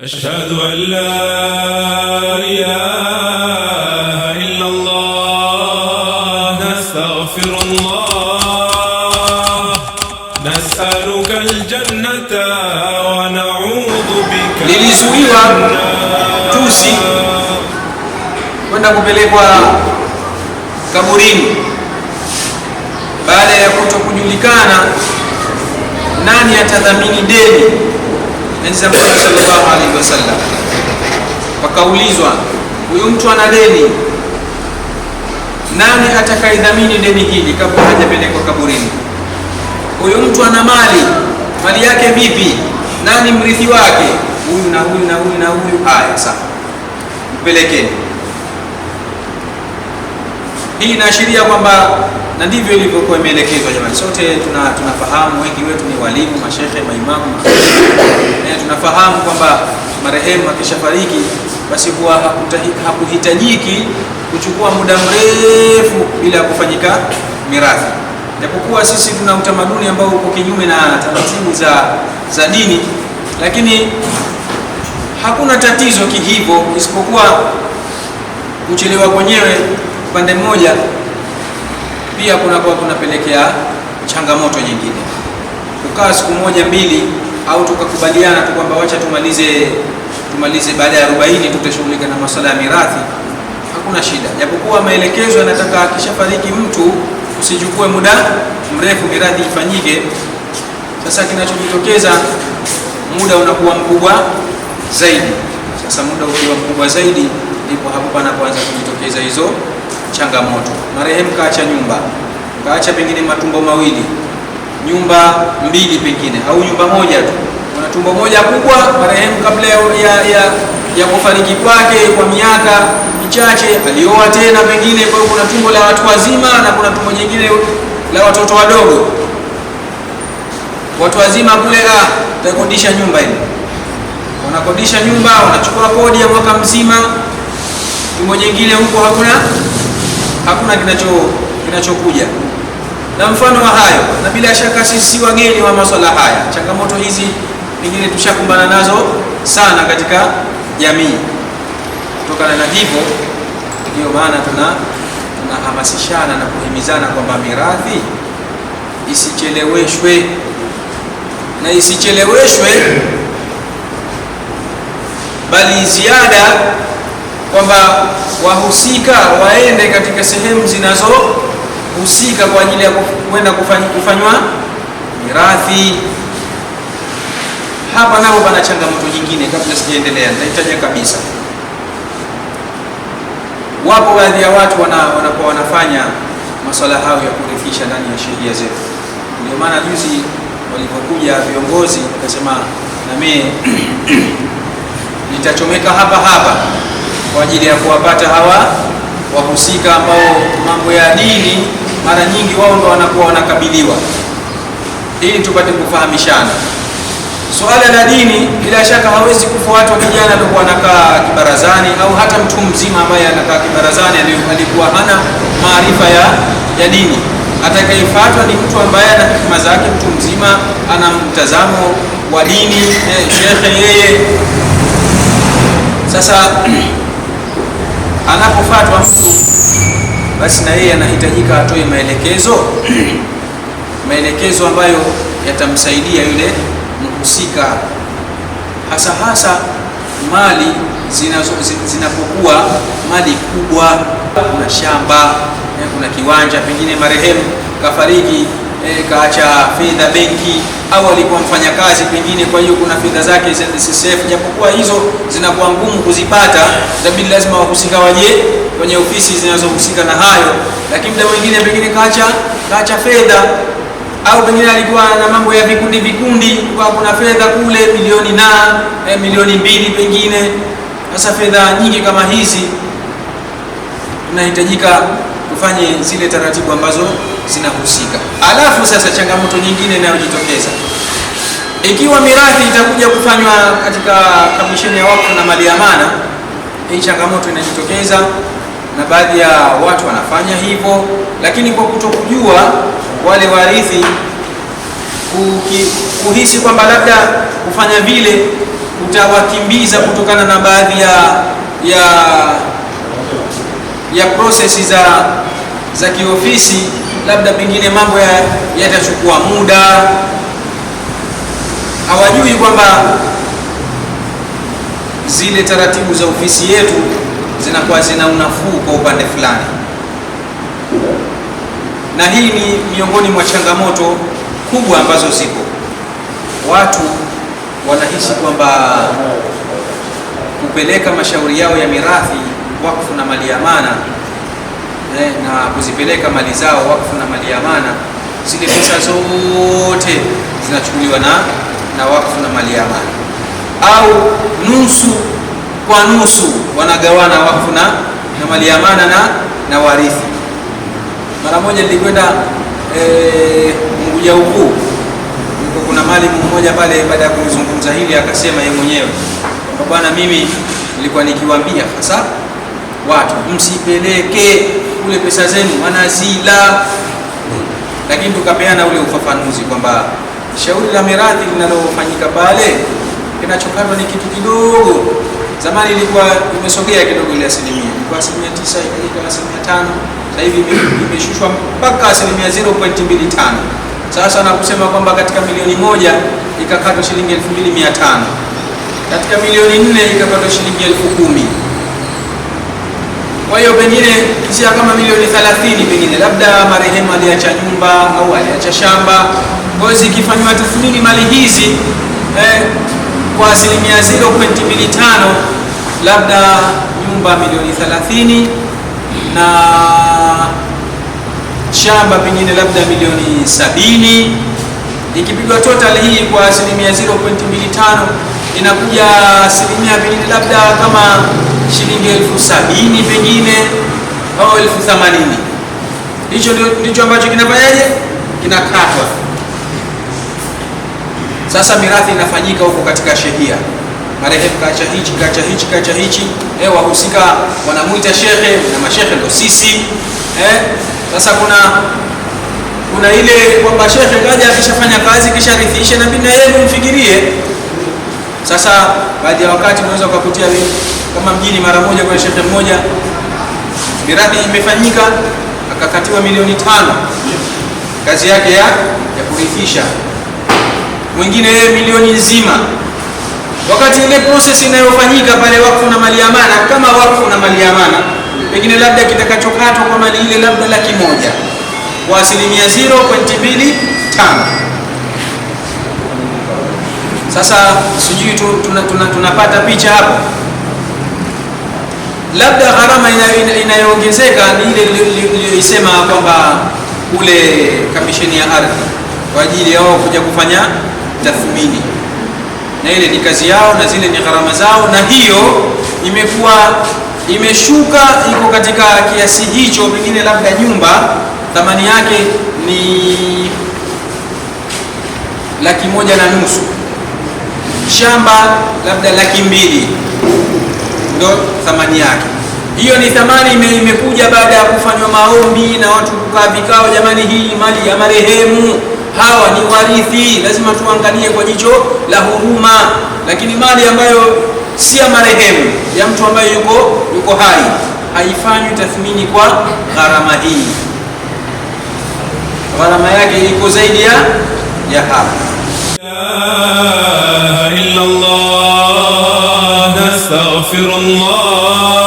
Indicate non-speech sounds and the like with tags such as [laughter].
أشهد أن لا إله إلا الله نستغفر الله نسألك الجنة ونعوذ بك lilizuiwa tusi kwenda kupelekwa kaburini baada ya kutokujulikana nani atadhamini deni Mtume sallallahu alaihi wasallam, wakaulizwa huyu mtu ana deni, nani atakayedhamini deni hili kabla hajapelekwa kaburini? Huyu mtu ana mali, mali yake vipi? Nani mrithi wake? Huyu na huyu na huyu na huyu. Haya, sasa mpelekeni. Hii inaashiria kwamba na ndivyo ilivyokuwa imeelekezwa. Jamani, sote tuna, tunafahamu wengi wetu ni walimu, mashehe, maimamu e, tunafahamu kwamba marehemu akishafariki basi kuwa hakuhitajiki kuchukua muda mrefu bila kufanyika mirathi, japokuwa sisi tuna utamaduni ambao uko kinyume na taratibu za, za dini, lakini hakuna tatizo kihivyo, isipokuwa kuchelewa kwenyewe upande mmoja pia kunakuwa kunapelekea changamoto nyingine. Kukaa siku moja mbili au tukakubaliana tu kwamba wacha tumalize tumalize baada ya 40 tutashughulika na masuala ya mirathi, hakuna shida, japokuwa maelekezo yanataka akishafariki mtu usichukue muda mrefu mirathi ifanyike. Sasa kinachojitokeza muda unakuwa mkubwa zaidi. Sasa muda ukiwa mkubwa zaidi, ndipo hapo panapoanza kujitokeza hizo changamoto. Marehemu kaacha nyumba, kaacha pengine matumbo mawili, nyumba mbili pengine, au nyumba moja tu, kuna tumbo moja kubwa. Marehemu kabla ya, ya, ya kufariki kwake kwa miaka michache alioa tena pengine, kwa hiyo kuna tumbo la watu wazima na kuna tumbo jingine la watoto wadogo. Watu wazima kule ah, takodisha nyumba ile, wanakodisha nyumba, wanachukua kodi ya mwaka mzima. Tumbo jingine huko hakuna hakuna kinacho kinachokuja na mfano wa hayo, na bila shaka sisi wageni wa masuala haya, changamoto hizi pengine tushakumbana nazo sana katika jamii. Kutokana na hivyo, ndiyo maana tuna tunahamasishana na kuhimizana kwamba mirathi isicheleweshwe na isicheleweshwe, bali ziada kwamba wahusika waende katika sehemu zinazohusika kwa ajili ya kwenda kufanywa mirathi. Hapa nao pana changamoto nyingine, kabla sijaendelea nitaitaja kabisa. Wapo baadhi ya watu wanakuwa wanafanya masuala hayo ya kurifisha ndani ya sheria zetu. Ndio maana juzi walipokuja viongozi wakasema, na mimi [clears throat] nitachomeka hapa hapa kwa ajili ya kuwapata hawa wahusika ambao mambo ya dini mara nyingi wao ndo wanakuwa wanakabiliwa, ili tupate kufahamishana. Suala la dini bila shaka hawezi kufuatwa kijana alikuwa anakaa kibarazani, au hata mtu mzima ambaye anakaa kibarazani alikuwa hana maarifa ya, ya dini. Atakayefuatwa ni mtu ambaye ana hikma zake, mtu mzima ana mtazamo wa dini, eh, shekhe yeye sasa [clears throat] anapofatwa mtu basi na yeye anahitajika atoe maelekezo [clears throat] maelekezo ambayo yatamsaidia yule mhusika, hasa hasa mali zinapokuwa mali kubwa. Kuna shamba, eh, kuna kiwanja, pengine marehemu kafariki e, kaacha fedha benki au alikuwa mfanyakazi pengine, kwa hiyo kuna fedha zake za SSF, japokuwa hizo zinakuwa ngumu kuzipata, itabidi lazima wahusika waje kwenye ofisi zinazohusika na hayo. Lakini mda mwingine pengine kaacha kaacha fedha au pengine alikuwa na mambo ya vikundi vikundi, kwa kuna fedha kule milioni na eh, milioni mbili pengine. Sasa fedha nyingi kama hizi, unahitajika tufanye zile taratibu ambazo zinahusika. Alafu sasa changamoto nyingine inayojitokeza ikiwa mirathi itakuja kufanywa katika kamisheni ya wakfu na mali ya amana, hii changamoto inajitokeza, na baadhi ya watu wanafanya hivyo, lakini kwa kutokujua wale warithi kuhisi kwamba labda kufanya vile utawakimbiza kutokana na baadhi ya ya ya prosesi za za kiofisi labda pengine mambo yatachukua ya muda, hawajui kwamba zile taratibu za ofisi yetu zinakuwa zina unafuu kwa upande fulani, na hii ni miongoni mwa changamoto kubwa ambazo zipo. Watu wanahisi kwamba kupeleka mashauri yao ya mirathi, wakfu na mali ya amana eh, na kuzipeleka mali zao wakfu na mali ya amana. Zile pesa zote zinachukuliwa na, na wakfu na mali ya amana, au nusu kwa nusu wanagawana wakfu na, na mali ya amana na, na warithi. Mara moja nilikwenda eh, Unguja Ukuu kuna mali mmoja pale, baada ya kuzungumza hili akasema yeye mwenyewe kwamba bwana, mimi nilikuwa nikiwaambia hasa watu msipeleke kule pesa zenu wanazila, lakini tukapeana ule ufafanuzi kwamba shauri la mirathi linalofanyika pale kinachokatwa ni kitu kidogo. Zamani ilikuwa imesogea kidogo ile asilimia, ilikuwa asilimia tisa ikaitwa asilimia tano hivi imeshushwa mpaka asilimia 0.25. Sasa nakusema kwamba katika milioni moja ikakatwa shilingi 2500 katika milioni nne ikakatwa shilingi elfu kumi. Kwa hiyo pengine njia kama milioni 30 pengine labda marehemu aliacha nyumba au aliacha shamba. Kwa hiyo zikifanywa tathmini mali hizi eh, kwa asilimia 0.25 labda nyumba milioni 30 na shamba pengine labda milioni 70, ikipigwa total hii kwa asilimia 0.25 inakuja asilimia mbili labda kama shilingi elfu sabini pengine au elfu themanini hicho ndicho ambacho kinafanyaje kinakatwa. Sasa mirathi inafanyika huko katika shehia, marehemu kacha hichi kacha hichi kacha hichi e, wahusika wanamwita shekhe na mashehe ndo sisi e, Sasa kuna kuna ile kwamba shehe kaja akishafanya kazi kisha rithisha, na na yeye mfikirie sasa baadhi ya wakati unaweza ukakutia kama mjini, mara moja kwa shehe mmoja miradi imefanyika akakatiwa milioni tano kazi yake ya, ya kurithisha. Mwingine yeye milioni nzima, wakati ile process inayofanyika pale wakfu na mali amana, kama wakfu na mali amana, pengine labda kitakachokatwa kwa mali ile labda laki moja kwa asilimia 0.25 sasa sijui tunapata tuna, tuna picha hapo. Labda gharama inayoongezeka ni ile iliyoisema kwamba kule kamisheni ya ardhi kwa ajili yao kuja kufanya tathmini, na ile ni kazi yao na zile ni gharama zao, na hiyo imekuwa imeshuka, iko katika kiasi hicho. Pengine labda nyumba thamani yake ni laki moja na nusu shamba labda laki mbili ndo thamani yake. Hiyo ni thamani imekuja ime baada ya kufanywa maombi na watu kukaa vikao, jamani, hii mali ya marehemu, hawa ni warithi, lazima tuangalie kwa jicho la huruma. Lakini mali ambayo si ya marehemu, ya mtu ambaye yuko yuko hai, haifanywi tathmini kwa gharama hii. Gharama yake iko zaidi ya hapa. إلا الله نستغفر الله